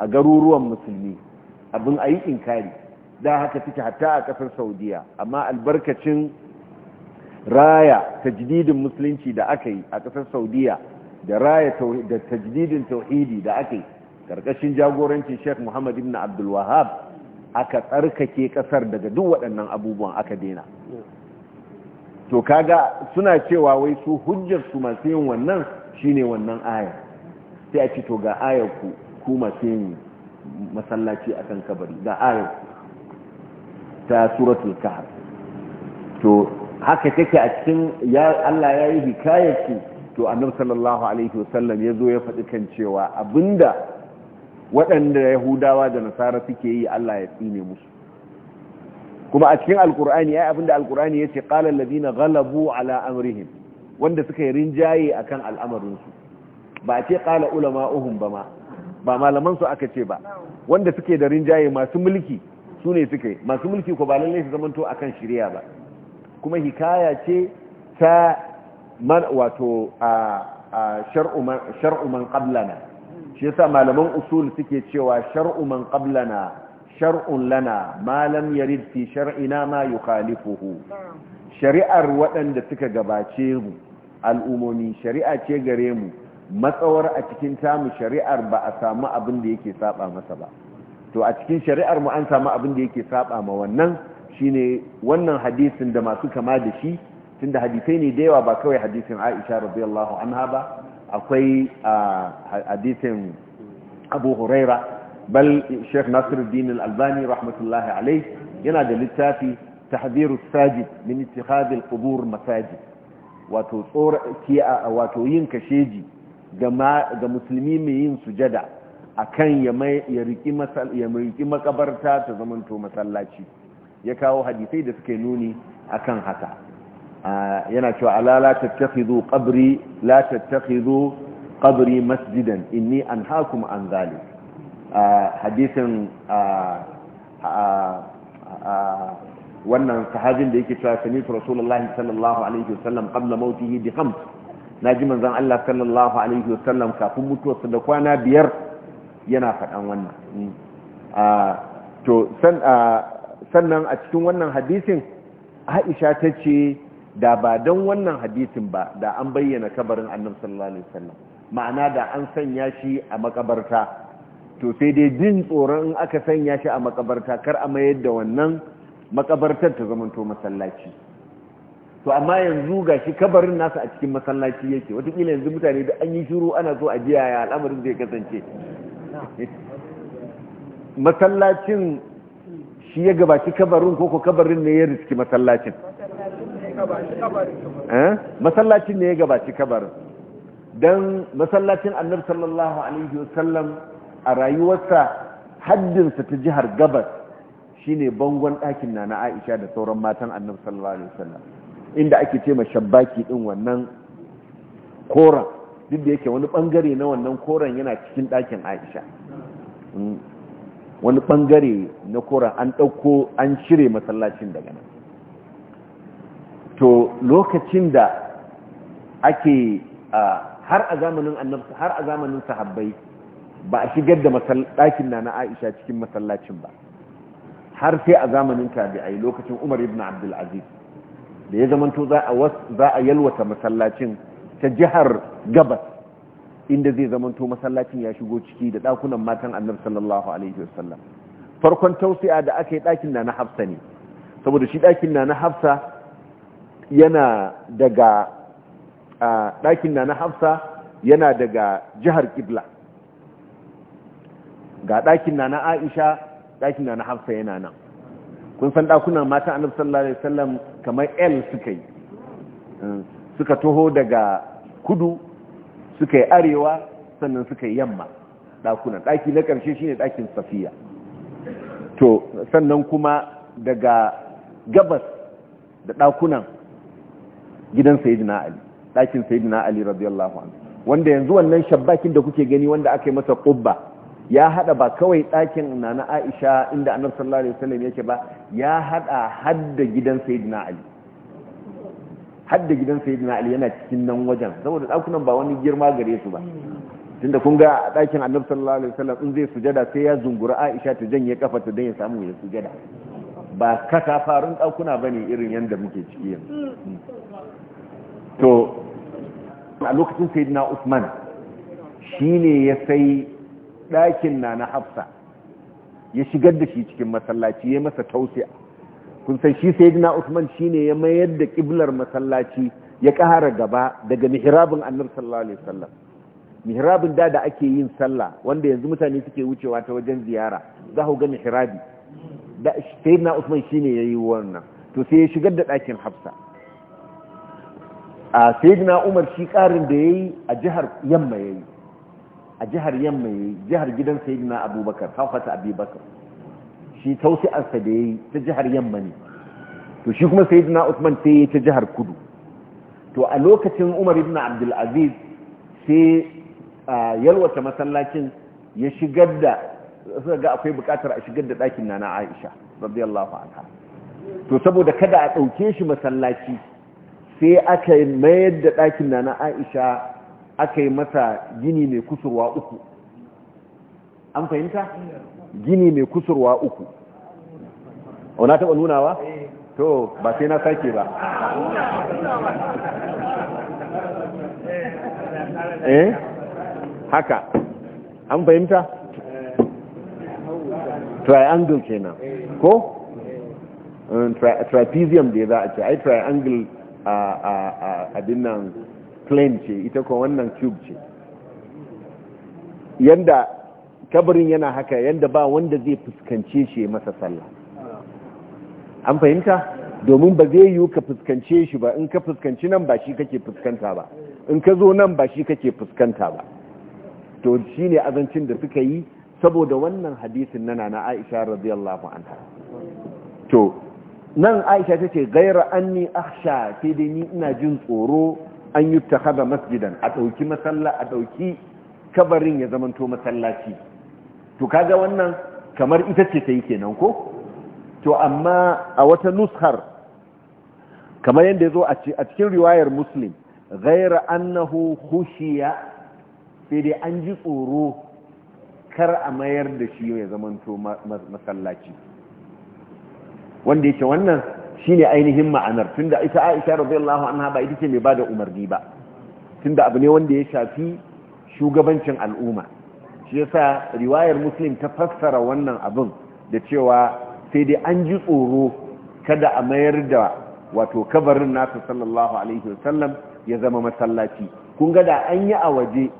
a garuruwan musulmi abin a yi inkari da haka take hatta a kasar saudiya amma albarkacin raya tajdidin musulunci da aka yi a kasar saudiya da raya da tajdidin tauhidi da aka yi karkashin jagorancin sheikh muhammad ibn abdul wahab aka tsarkake kasar daga duk waɗannan abubuwan aka dena to kaga suna cewa wai su hujjar su masu yin wannan shine wannan aya sai a ce to ga ayar ku ku masu yin masallaci akan kabari ga ayar ta suratul kahf to haka take a cikin ya Allah ya yi hikayarki to annabi sallallahu alaihi wasallam ya zo ya faɗi kan cewa abinda waɗanda yahudawa da nasara suke yi Allah ya tsine musu kuma a cikin alkur'ani ai abinda alkur'ani ya qala alladhina ghalabu ala amrihim wanda suka yi rinjaye akan al'amarin su ba ce qala ulama'uhum ba ma ba malaman su aka ce ba wanda suke da rinjaye masu mulki su ne yi masu mulki ko ba lallai su zamanto akan shirya ba kuma hikaya ce ta man wato a shar'u man qablana shi yasa malaman usul suke cewa shar'u man qablana shar'un lana ma lam yarid fi shar'ina ma yukhalifuhu shari'ar waɗanda suka gabace mu al'umomi shari'a ce gare mu matsawar a cikin tamu shari'ar ba a samu abin da yake saba masa ba to a cikin shari'ar mu an samu abin da yake saba ma wannan shine wannan hadisin da masu kama da shi tunda hadisai ne da yawa ba kawai hadisin Aisha radiyallahu anha ba akwai hadisin Abu Huraira bal Sheikh Nasiruddin Al-Albani rahmatullahi alayh yana da littafi tahdhiru sajid min ittikhadh al-qubur masajid wato tsor wato yin kasheji ga musulmi mai yin sujada akan ya riƙi makabarta ta zamanto masallaci ya kawo hadisai da suke nuni akan haka yana cewa ala la tattakhidhu qabri la masjidan inni anhaakum an zalik hadisin wannan sahabin da yake cewa sami rasulullahi sallallahu alaihi wasallam qabla mautihi bi na ji manzon Allah sallallahu alaihi wasallam kafin mutuwarsa da kwana biyar yana faɗan wannan mm. to sannan a cikin wannan hadisin aisha ta ce da ba don wannan hadisin ba da an bayyana kabarin annabi sallallahu alaihi wasallam ma'ana da an sanya shi a makabarta to sai dai jin tsoron in aka sanya shi a makabarta kar a mayar da wannan makabartar ta zamanto masallaci to amma yanzu ga shi kabarin nasa a cikin masallaci yake watakila yanzu mutane da an yi shiru ana so a jiya ya al'amarin zai kasance masallacin shi ya gabaci kabarin ko ko kabarin ne ya riski masallacin masallacin eh? ne ya gabaci kabarin don masallacin annar sallallahu alaihi wasallam a rayuwarsa haddinsa ta jihar gabas shine bangon ɗakin na na aisha da sauran matan annar sallallahu alaihi wasallam inda ake ce mashabbaki ɗin wannan koran duk da yake wani bangare na wannan koren yana cikin ɗakin aisha hmm. wani bangare na koren an ɗauko an cire masallacin daga nan to lokacin da ake har a zamanin annabta har a zamanin sahabbai ba a shigar da ɗakin na na aisha cikin masallacin ba har sai a zamanin tabi'ai lokacin umar ibn abdulaziz da ya zamanto za a yalwata masallacin ta jihar gabas inda zai zamanto masallacin ya shigo ciki da dakunan matan annabi sallallahu alaihi wasallam farkon tausiya da aka yi dakin na na hafsa ne saboda shi dakin na na hafsa yana daga dakin na na hafsa yana daga jihar kibla ga dakin na na aisha dakin na na hafsa yana nan kun san dakunan matan annabi sallallahu alaihi wasallam kamar L suka yi suka toho daga kudu suka yi arewa sannan suka yi yamma ɗakunan ɗaki na ƙarshe shine ɗakin safiya to sannan kuma daga gabas da ɗakunan gidan sayidina ali ɗakin sayidina ali radiyallahu anhu wanda yanzu wannan shabbakin da kuke gani wanda aka yi masa ƙubba ya hada ba kawai ɗakin na na aisha inda annabi sallallahu alaihi wasallam yake ba ya hada hadda gidan sayidina ali hadda gidan sayyidina ali yana cikin nan wajen saboda dakunan ba wani girma gare su ba tunda kun ga a dakin annabi sallallahu alaihi wasallam in zai sujada sai ya zungura aisha ta janye kafa ta dan ya samu ya sujada ba katafarin dakuna bane irin yanda muke ciki yanzu to a lokacin sayyidina usman shine ya sai dakin na na hafsa ya shigar da shi cikin masallaci ya masa tausiya kun san shi na Usman shine ya mayar da kiblar masallaci ya kahara gaba daga mihrabin Annabi sallallahu alaihi wasallam mihrabin da da ake yin sallah wanda yanzu mutane suke wucewa ta wajen ziyara za ku ga mihrabi da na Usman shine yayi wannan to sai ya shigar da ɗakin Hafsa a na Umar shi karin da yayi a jihar yamma yayi a jihar yamma yayi jihar gidan sayyidina Abubakar Hafsa Abubakar shi tausi'arsa da ya ta jihar yamma ne to shi kuma sai usman sai ya ta jihar kudu to a lokacin umar ibn abdulaziz sai yalwata masallacin ya shigar da suka ga akwai bukatar a shigar da ɗakin na aisha radiyallahu anha to saboda kada a ɗauke shi masallaci sai aka mayar da ɗakin na na aisha aka yi masa gini mai kusurwa uku an fahimta gini mai kusurwa uku na taɓa nunawa? to ba sai na sake ba eh haka an fahimta? triangle kenan ko? Eh, trapezium da ya za a ce ai triangle a dinnan plane ce ita kuma wannan cube ce yadda. kabarin yana haka yadda ba wanda zai fuskance shi masa sallah an fahimta domin ba zai yiwu ka fuskance shi ba in ka fuskanci nan ba shi kake fuskanta ba in ka zo nan ba shi kake fuskanta ba to shi ne azancin da suka yi saboda wannan hadisin nana na Aisha radiyallahu anha to nan Aisha ta ce gaira an anni Asha sai dai ni ina jin tsoro an yi ta masjidan a ɗauki masalla a ɗauki kabarin ya zamanto masallaci to kaga wannan kamar ita ce ta yi kenan ko to amma a wata nushar kamar yadda ya zo a cikin riwayar muslim gaira annahu khushiya sai dai an ji tsoro kar a mayar da shi ya zamanto masallaci wanda yake wannan shine ainihin ma'anar tunda ita Aisha radiyallahu anha ba ita ce mai bada umarni ba tunda abu ne wanda ya shafi shugabancin al'umma shi yasa riwayar muslim ta fassara wannan abin da cewa sai dai an ji tsoro kada a mayar da wato kabarin nasa sallallahu alaihi wasallam ya zama masallaci kun ga da an yi a waje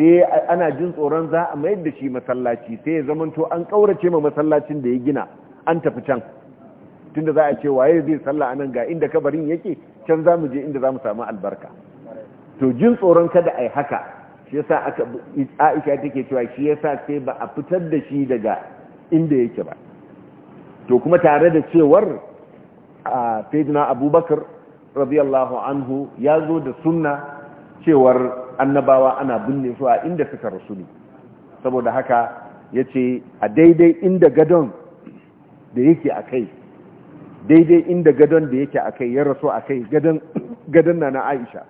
sai ana jin tsoron za a mayar da shi masallaci sai ya zama to an kaurace ma masallacin da ya gina an tafi can tunda za a ce waye zai sallah anan ga inda kabarin yake can za mu je inda za mu samu albarka to jin tsoron kada a yi haka shi yasa aka Aisha take cewa shi yasa sai ba a fitar da shi daga inda yake ba to kuma tare da cewar a sayyidina Abubakar radiyallahu anhu ya zo da sunna cewar annabawa ana binne su a inda suka rasu ne saboda haka yace a daidai inda gadon da yake akai daidai inda gadon da yake akai ya rasu akai gadon gadon na na Aisha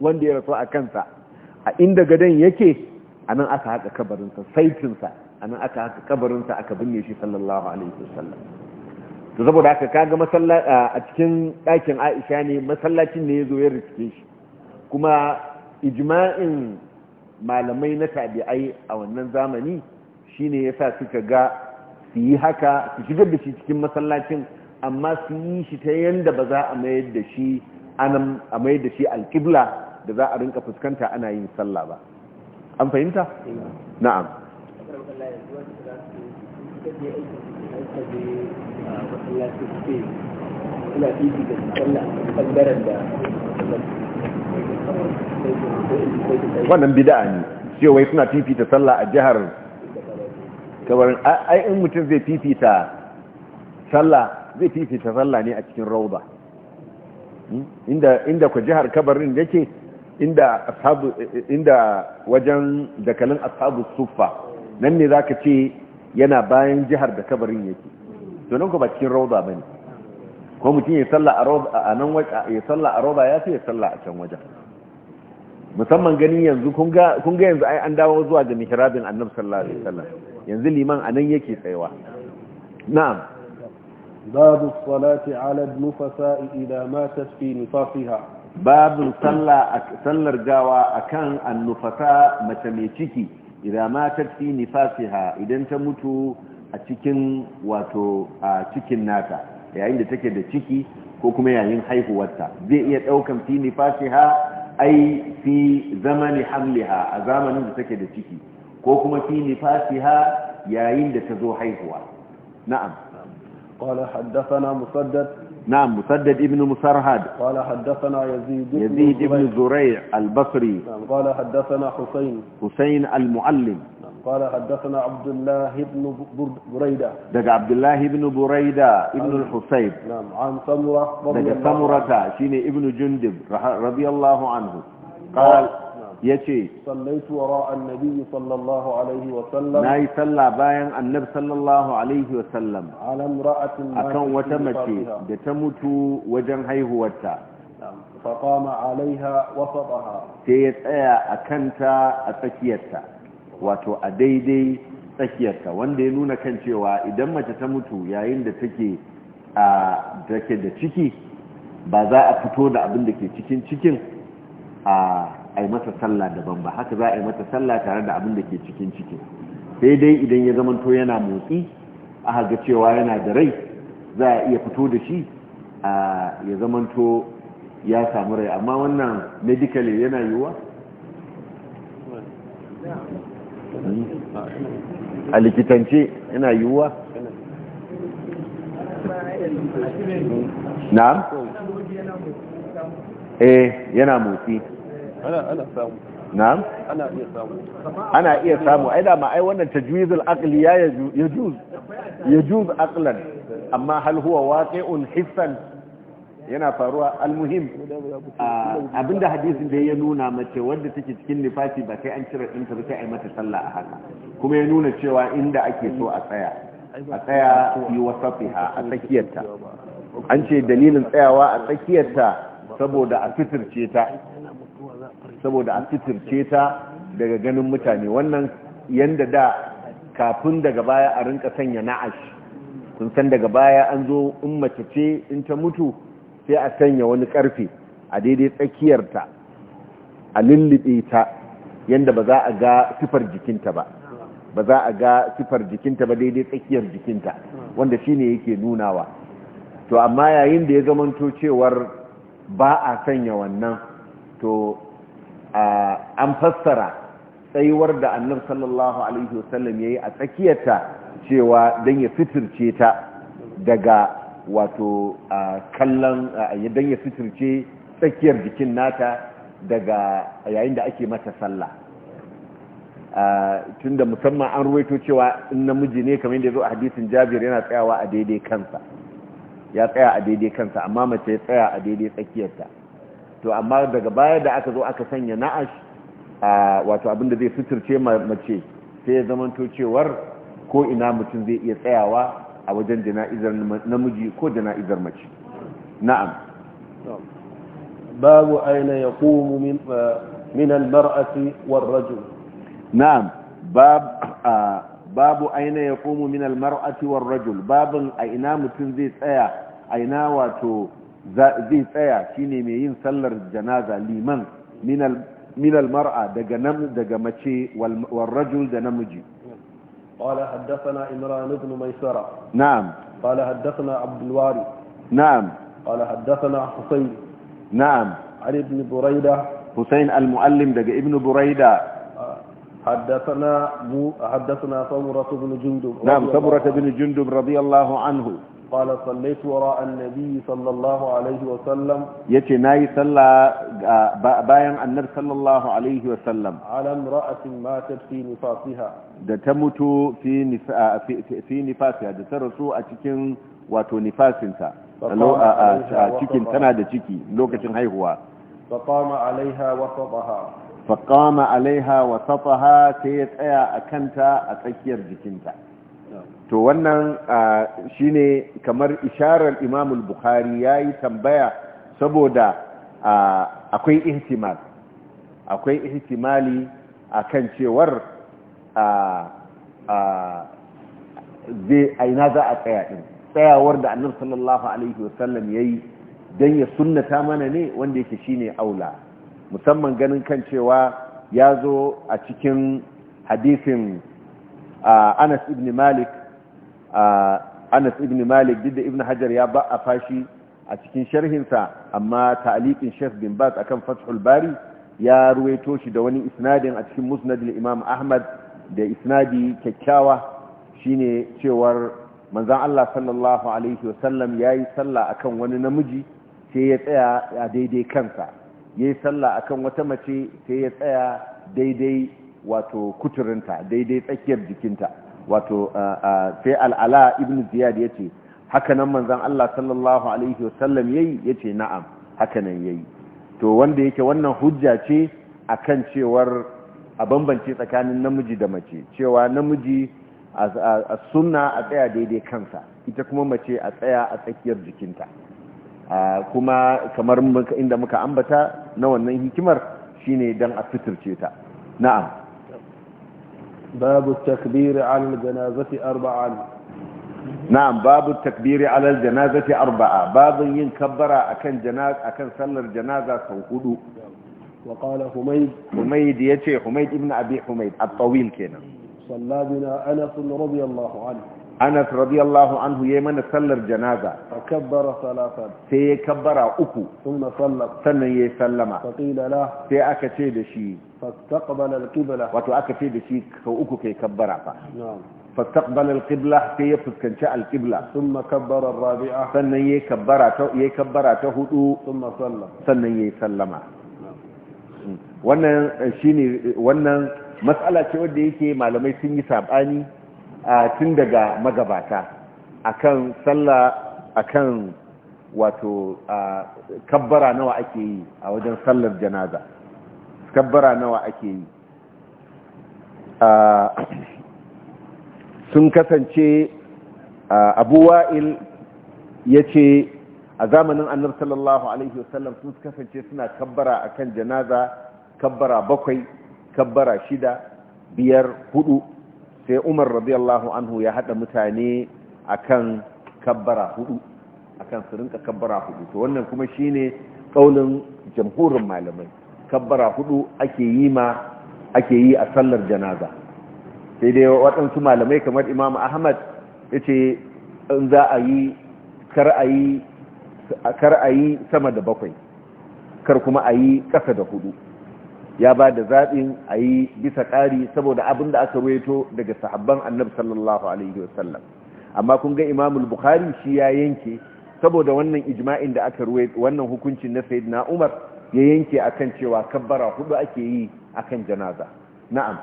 wanda ya rasu a kansa a inda gadon yake a nan aka haka kabarinsa saitinsa a nan aka haka kabarinsa aka binne shi sallallahu alaihi wasallam to saboda haka kaga masallaci a cikin ɗakin Aisha ne masallacin ne ya zo ya riske shi kuma ijma'in malamai na tabi'ai a wannan zamani shine yasa suka ga su yi haka su shigar da shi cikin masallacin amma su yi shi ta yanda ba za a mayar da shi a mayar da shi alƙibla da za a rinka fuskanta ana yin sallah ba an fahimta na'am wannan bid'a ne cewa suna fifita sallah a jihar kabarin ai in mutum zai fifita sallah zai fifita sallah ne a cikin rauba hmm? inda ku jihar kabarin yake inda ashabu inda wajen dakalin ashabu sufa nan ne zaka ce yana bayan jihar da kabarin yake to nan ko ba cikin rawda bane ko mutum ya salla a rawda a nan waje ya salla a rawda ya fi ya salla a can wajen musamman ganin yanzu kun ga kun ga yanzu ai an dawo zuwa ga mihrabin annabi sallallahu alaihi wasallam yanzu liman anan yake tsayawa na'am babu salati ala nufasa idza matat fi nifafiha babin sallar gawa akan annufata mace mai ciki idan ta fi nifasiha idan ta mutu a cikin wato a cikin nata yayin da take da ciki ko kuma yayin haihuwarta zai iya daukan fi nifasiha ai fi zamani hamliha a zamanin da take da ciki ko kuma fi nifasiha yayin da ta zo haihuwa na'am قال حدثنا مسدد نعم مسدد ابن مسرهد قال حدثنا يزيد بن يزيد بن زريع البصري نعم قال حدثنا حسين حسين المعلم نعم قال حدثنا عبد الله بن بريدة دق عبد الله بن بريدة ابن الحسين نعم عن سمرة دق سمرة شين ابن جندب رضي الله عنه قال yace sallaitu wara annabi sallallahu alaihi wa sallam nayi sallah bayan annabi sallallahu alaihi wa sallam akan wata mace da ta mutu wajen haihuwarta faqama alaiha sai ya tsaya kanta a tsakiyarta wato a daidai tsakiyarta wanda ya nuna kan cewa idan mace ta mutu yayin da take a take da ciki ba za a fito da abin da ke cikin cikin a a yi masa sallah daban ba haka za a yi masa sallah tare da abin da ke cikin ciki sai dai idan ya to yana motsi a ga cewa yana da rai za a iya fito da shi a ya to ya samu rai amma wannan medically yana yiwuwa a likitance yana yiwuwa na eh yana motsi na'am ana iya samu ana iya samu ai ai wannan tajwizul aqli ya yajuz yajuz aqlan amma hal huwa waqi'un hissan yana faruwa almuhim abinda hadisin da ya nuna mace wanda take cikin nifasi ba sai an cire ɗinta ba sai a yi mata sallah a haka kuma ya nuna cewa inda ake so a tsaya a tsaya yi wasafiha a tsakiyarta an ce dalilin tsayawa a tsakiyarta saboda a fitirce ta saboda a titirce ta daga ganin mutane wannan yanda da kafin daga baya a rinka sanya na'ash kun san daga baya an zo in mace ce in ta mutu sai a sanya wani karfe a daidai tsakiyarta a lullube ta yanda ba za a ga sifar jikinta ba ba za a ga sifar jikinta ba daidai tsakiyar jikinta wanda shine yake nunawa to amma yayin da ya zamanto cewar ba a sanya wannan to an fassara tsayuwar da annabi sallallahu alaihi wasallam yayi a tsakiyarta cewa dan ya fitirce ta daga wato kallon dan ya fitirce tsakiyar jikin nata daga yayin da ake mata sallah tunda musamman an ruwaito cewa in namiji ne kamar yadda zo a hadisin Jabir yana tsayawa a daidai kansa ya tsaya a daidai kansa amma mace ya tsaya a daidai tsakiyarta to amma daga baya da aka zo aka sanya na'ash a wato abinda zai suturce mace sai ya zamanto cewar ko ina mutum zai iya tsayawa a wajen jana'izar namiji ko jana'izar mace na'am babu aina ya komo min almar'ati war rajul na'am babu aina ya komo min almar'ati war rajul babin a ina mutum zai tsaya a ina wato zai tsaya shine mai yin sallar janaza liman minal mar'a daga mace wal rajul da namiji قال حدثنا إمران بن ميسرة نعم قال حدثنا عبد الواري نعم قال حدثنا حسين نعم عن ابن بريدة حسين المؤلم دقى ابن بريدة حدثنا مو حدثنا ثمرة بن جندب نعم ثمرة بن جندب رضي الله عنه قال صليت وراء النبي صلى الله عليه وسلم يتي ناي صلى باين النبي صلى الله عليه وسلم على امرأة ماتت في نفاسها da ta mutu fi nifasiya da ta rasu a cikin wato nifasinta a cikin tana da ciki lokacin haihuwa faƙama alaiha wasataha sai ya tsaya a kanta a tsakiyar jikinta to wannan shine kamar isharar imamul bukhari ya yi tambaya saboda akwai ihtimal akwai ihtimali a kan cewar zai aina za a tsaya ɗin tsayawar da annar sallallahu alaihi wasallam ya yi don ya sunnata mana ne wanda yake shine aula musamman ganin kan cewa ya zo a cikin hadisin anas ibn malik anas ibn malik didda ibn hajar ya ba a fashi a cikin sharhinsa amma ta'liqin Sheikh bin baz akan fathul bari ya ruwaito shi da wani isnadin a cikin musnad imam ahmad da isnadi kyakkyawa shine cewar manzon Allah sallallahu alaihi wasallam yayi sallah akan wani namiji sai ya tsaya a daidai kansa yayi sallah akan wata mace sai ya tsaya daidai wato kuturinta daidai tsakiyar jikinta wato sai al'ala ibn ziyad ya ce hakanan manzan Allah sallallahu alaihi wasallam ya yi ya ce na'am hakanan ya yi, to wanda yake wannan hujja ce akan cewar a bambance tsakanin namiji da mace cewa namiji a sunna a tsaya daidai kansa ita kuma mace a tsaya a tsakiyar jikinta kuma kamar inda muka ambata na wannan hikimar shine dan a fitirce ta na'am باب التكبير على الجنازة أربعة نعم باب التكبير على الجنازة أربعة باب ينكبر أكن جناز أكن سلر جنازة سوقدو وقال حميد حميد يتي حميد ابن أبي حميد الطويل كنا صلى بنا أنس رضي الله عنه anas radiyallahu anhu yayi mana sallar janaza fa kabbara salatan sai ya kabbara uku thumma sallama sannan yayi sallama fa qila la sai aka ce da shi fastaqbala al-qibla wato aka ce da shi ka uku kai kabbara fa na'am fastaqbala al-qibla sai ya fuskanci al-qibla thumma kabbara ar-rabi'a sannan yayi kabbara ta yayi kabbara ta hudu thumma sallama sannan yayi sallama wannan eh, shine eh, wannan mas'ala ce wanda yake malamai sun yi sabani tun daga magabata akan sallah akan wato kabbara nawa ake yi a wajen sallar janaza kabbara nawa ake yi sun kasance abu wa'il ya ce a zamanin annar sallallahu alaihi wasallam sun kasance suna kabbara akan janaza kabbara bakwai kabbara shida biyar hudu sai umar radiyallahu anhu ya hada mutane akan kabbara hudu akan su rinka kabbara hudu to wannan kuma shine kaulin jamhurin malamai kabbara hudu ake yi ma ake yi a sallar janaza sai dai waɗansu malamai kamar imam ahmad yace ce in za a yi kar a yi sama da bakwai kar kuma a yi ƙasa da hudu ya ba da zaɓin a yi bisa ƙari saboda abin da aka ruwaito daga sahabban annabi sallallahu alaihi wasallam amma kun ga imamul bukhari shi ya yanke saboda wannan ijma'in da aka ruwaito wannan hukuncin na sayyidina umar ya yanke akan cewa kabbara hudu ake yi akan janaza na'am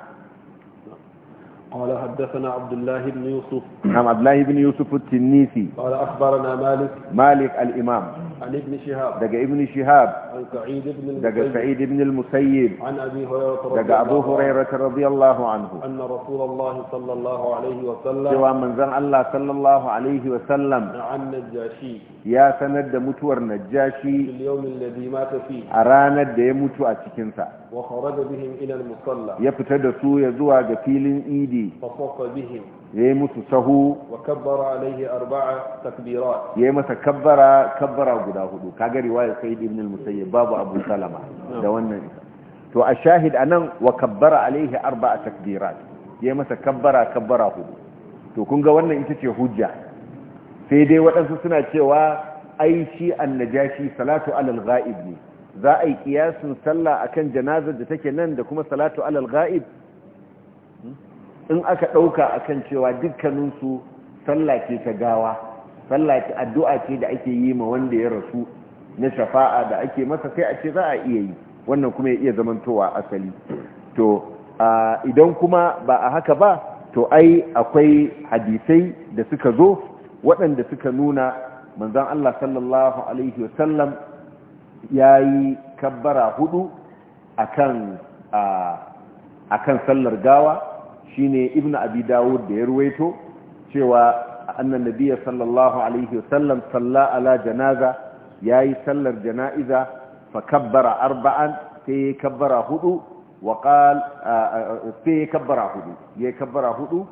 قال حدثنا عبد الله بن يوسف نعم عبد الله بن يوسف التنيسي قال أخبرنا مالك مالك الإمام عن ابن شهاب دقى ابن شهاب عن سعيد بن المسيب دقى سعيد بن المسيب عن أبي هريرة رضي دقى أبو هريرة رضي الله عنه أن رسول الله صلى الله عليه وسلم سوى من زن الله صلى الله عليه وسلم عن نجاشي يا سند متور نجاشي في اليوم الذي مات فيه أرانا دي متو أتكنسا وخرج بهم إلى المصلى يفتد سوء يزوى قفيل إيدي فصف بهم yayi musu sahu wa kabbara alaihi arba'a takbirat yayi masa kabbara kabbara guda hudu kaga riwayar sai ibn al-musayyib babu abu salama da wannan to a shahid anan wa kabbara alaihi arba'a takbirat yayi masa kabbara kabbara hudu to kun ga wannan ita ce hujja sai dai waɗansu suna cewa ai shi annajashi salatu alal ghaib ne za a yi kiyasin sallah akan janazar da take nan da kuma salatu alal ghaib in aka ɗauka a kan cewa dukkaninsu sallah ke ta gawa sallah addu'a ce da ake yi ma wanda ya rasu na shafa'a da ake masa sai a ce za a iya yi wannan kuma ya iya zamantowa asali to idan kuma ba a haka ba to ai akwai hadisai da suka zo waɗanda suka nuna manzan Allah sallallahu alaihi wasallam ya yi kabbara hudu a kan sallar gawa shine Ibn abi dawud da ya ruwaito cewa annan nabiyya sallallahu alaihi wasallam salla ala janaza yayi sallar janaiza fa kabbara arba'an sai kabbara hudu wa qal sai kabbara hudu ya kabbara hudu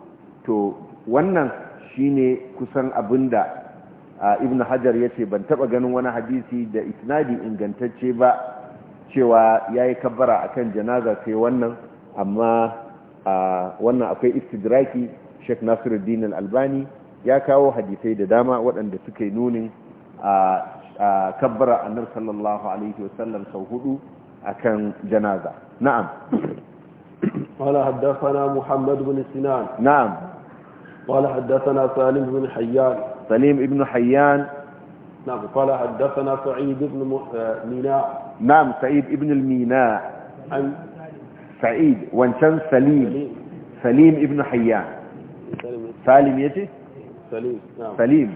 to wannan shine kusan abinda ibnu hajar yace ban taba ganin wani hadisi da isnadi ingantacce ba cewa yayi kabbara akan janaza sai wannan amma wannan akwai istidraki Sheikh Nasiruddin Al-Albani ya kawo hadisai da dama waɗanda suke nunin a kabbara annar sallallahu alaihi wasallam sau hudu akan janaza na'am قال حدثنا محمد بن سنان نعم قال حدثنا سالم بن حيان سليم بن حيان نعم قال حدثنا سعيد بن ميناء نعم سعيد بن الميناء عن سعيد وانشان سليم سليم ابن حيان سالم يتي سليم نعم. سليم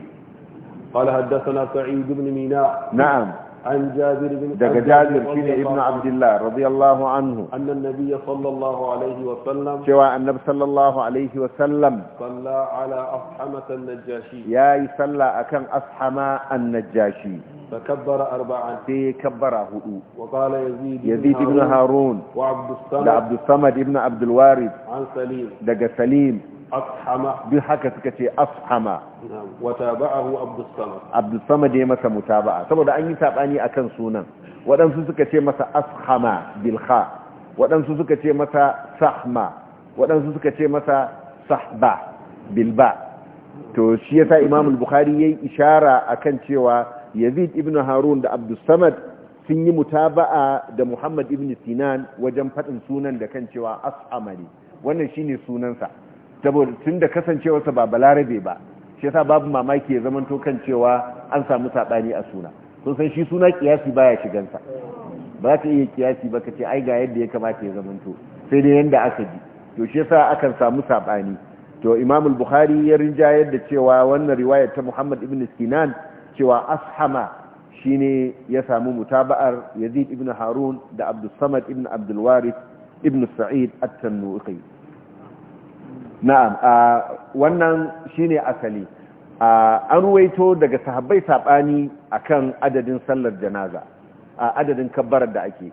قال هدثنا سعيد ابن ميناء نعم عن جابر بن daga Jabir shine Ibn Abdullah radiyallahu anhu annan nabiy sallallahu alayhi wa sallam cewa wa sallam salla ala ashama an-najashi yayi salla akan ashama an-najashi fakabbara arba'an fi kabbara hudu wa qala yazid yazid harun wa abdus samad ibn daga salim afhama duk haka suka ce afhama wataba'ahu abdus samad abdus samad ya masa mutaba'a saboda an yi sabani akan sunan waɗansu suka ce masa afhama bil kha waɗansu suka ce masa sahma waɗansu suka ce masa sahba bil ba to shi yasa imam al-bukhari yayi ishara akan cewa yazid ibn harun da abdus samad sun yi mutaba'a da muhammad ibn sinan wajen faɗin sunan da kan cewa afhama ne wannan shine sunansa saboda tun da kasancewarsa ba balarabe ba shi yasa babu mamaki ya zama to kan cewa an samu saɓani a suna sun san shi suna kiyasi baya shigansa ba ka iya kiyasi ba ka ce ai ga yadda ya kamata ya zama to sai dai yanda aka ji to shi yasa akan samu saɓani to imam al-bukhari ya rinjayar da cewa wannan riwayar ta muhammad ibn sinan cewa ashama shine ya samu mutaba'ar yazid ibn harun da abdul samad ibn abdul warith ibn sa'id at-tanuqi na'am wannan shine asali an ruwaito daga sahabbai sabani akan adadin sallar janaza a adadin kabbarar da ake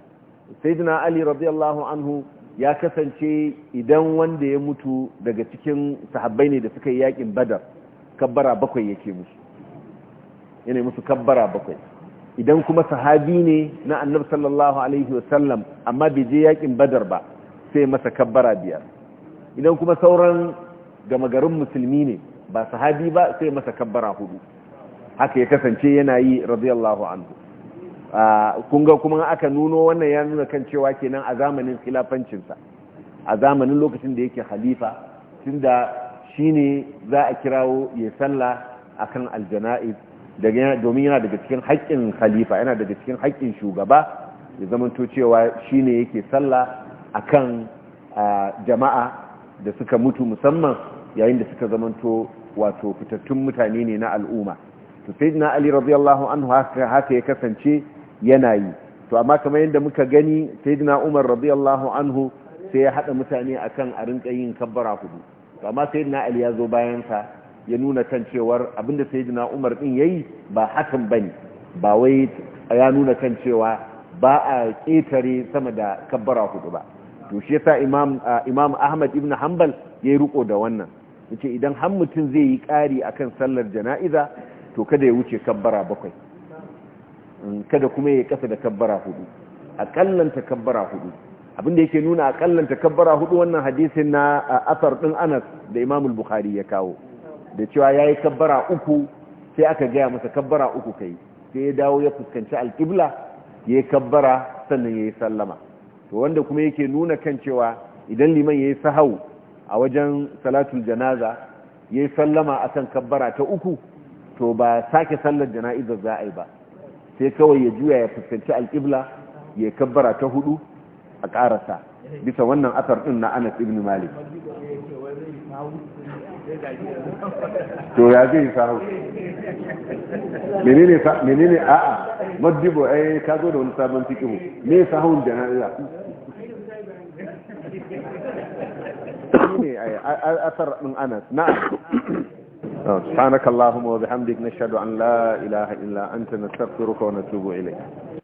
sayyidina ali radiyallahu anhu ya kasance idan wanda ya mutu daga cikin sahabbai ne da suka yi yakin badar kabbara bakwai yake musu yana musu kabbara bakwai idan kuma sahabi ne na annabi sallallahu alaihi wasallam amma bai je yakin badar ba sai masa kabbara biyar idan kuma sauran gama garin musulmi ne ba sahabi ba sai masa kabbara hudu haka ya kasance yana yi radiyallahu anhu kun ga kuma aka nuno wannan ya nuna kan cewa kenan a zamanin khilafancinsa a zamanin lokacin da yake khalifa tunda shine za a kirawo ya sallah akan aljana'iz domin yana daga cikin haƙƙin khalifa yana daga cikin haƙƙin shugaba ya zamanto cewa shi shine yake sallah akan jama'a da suka mutu musamman yayin da suka zamanto wato fitattun mutane ne na al'umma to sayyidina ali radiyallahu anhu haka ya kasance yana yi to amma kamar yadda muka gani sayyidina umar radiyallahu anhu sai ya hada mutane akan a rinka yin kabbara hudu to amma sayyidina ali ya zo bayan sa ya nuna kan cewar abinda sayyidina umar din yayi ba hakan bane ba wai ya nuna kan cewa ba a ƙetare sama da kabbara hudu ba to shi yasa imam imam ahmad ibn hanbal yayi riko da wannan yace idan har mutum zai yi kari akan sallar jana'iza to kada ya wuce kabbara bakwai mm, kada kuma ya kasa da kabbara hudu akallan kabbara hudu abin da yake nuna akallan kabbara hudu wannan hadisin na asar din Anas da Imam al-Bukhari ya kawo da cewa yayi kabbara uku sai aka gaya masa kabbara uku kai sai ya dawo ya fuskanci al-qibla yayi kabbara sannan yayi sallama to wanda kuma yake nuna kan cewa idan liman yayi sahau a wajen salatul janaza yayi sallama akan kabbara ta uku to ba sake sallar jana'izar za a yi ba sai kawai ya juya ya fuskanci al'ibla ya kabbara ta hudu a ƙarasa bisa wannan asar ɗin na anas ibn malik to ya zai sahau menene a'a madibo eh kazo da wani sabon fikihu me sahun jana'iza اثر من انس نعم سبحانك اللهم وبحمدك نشهد ان لا اله الا انت نستغفرك ونتوب اليك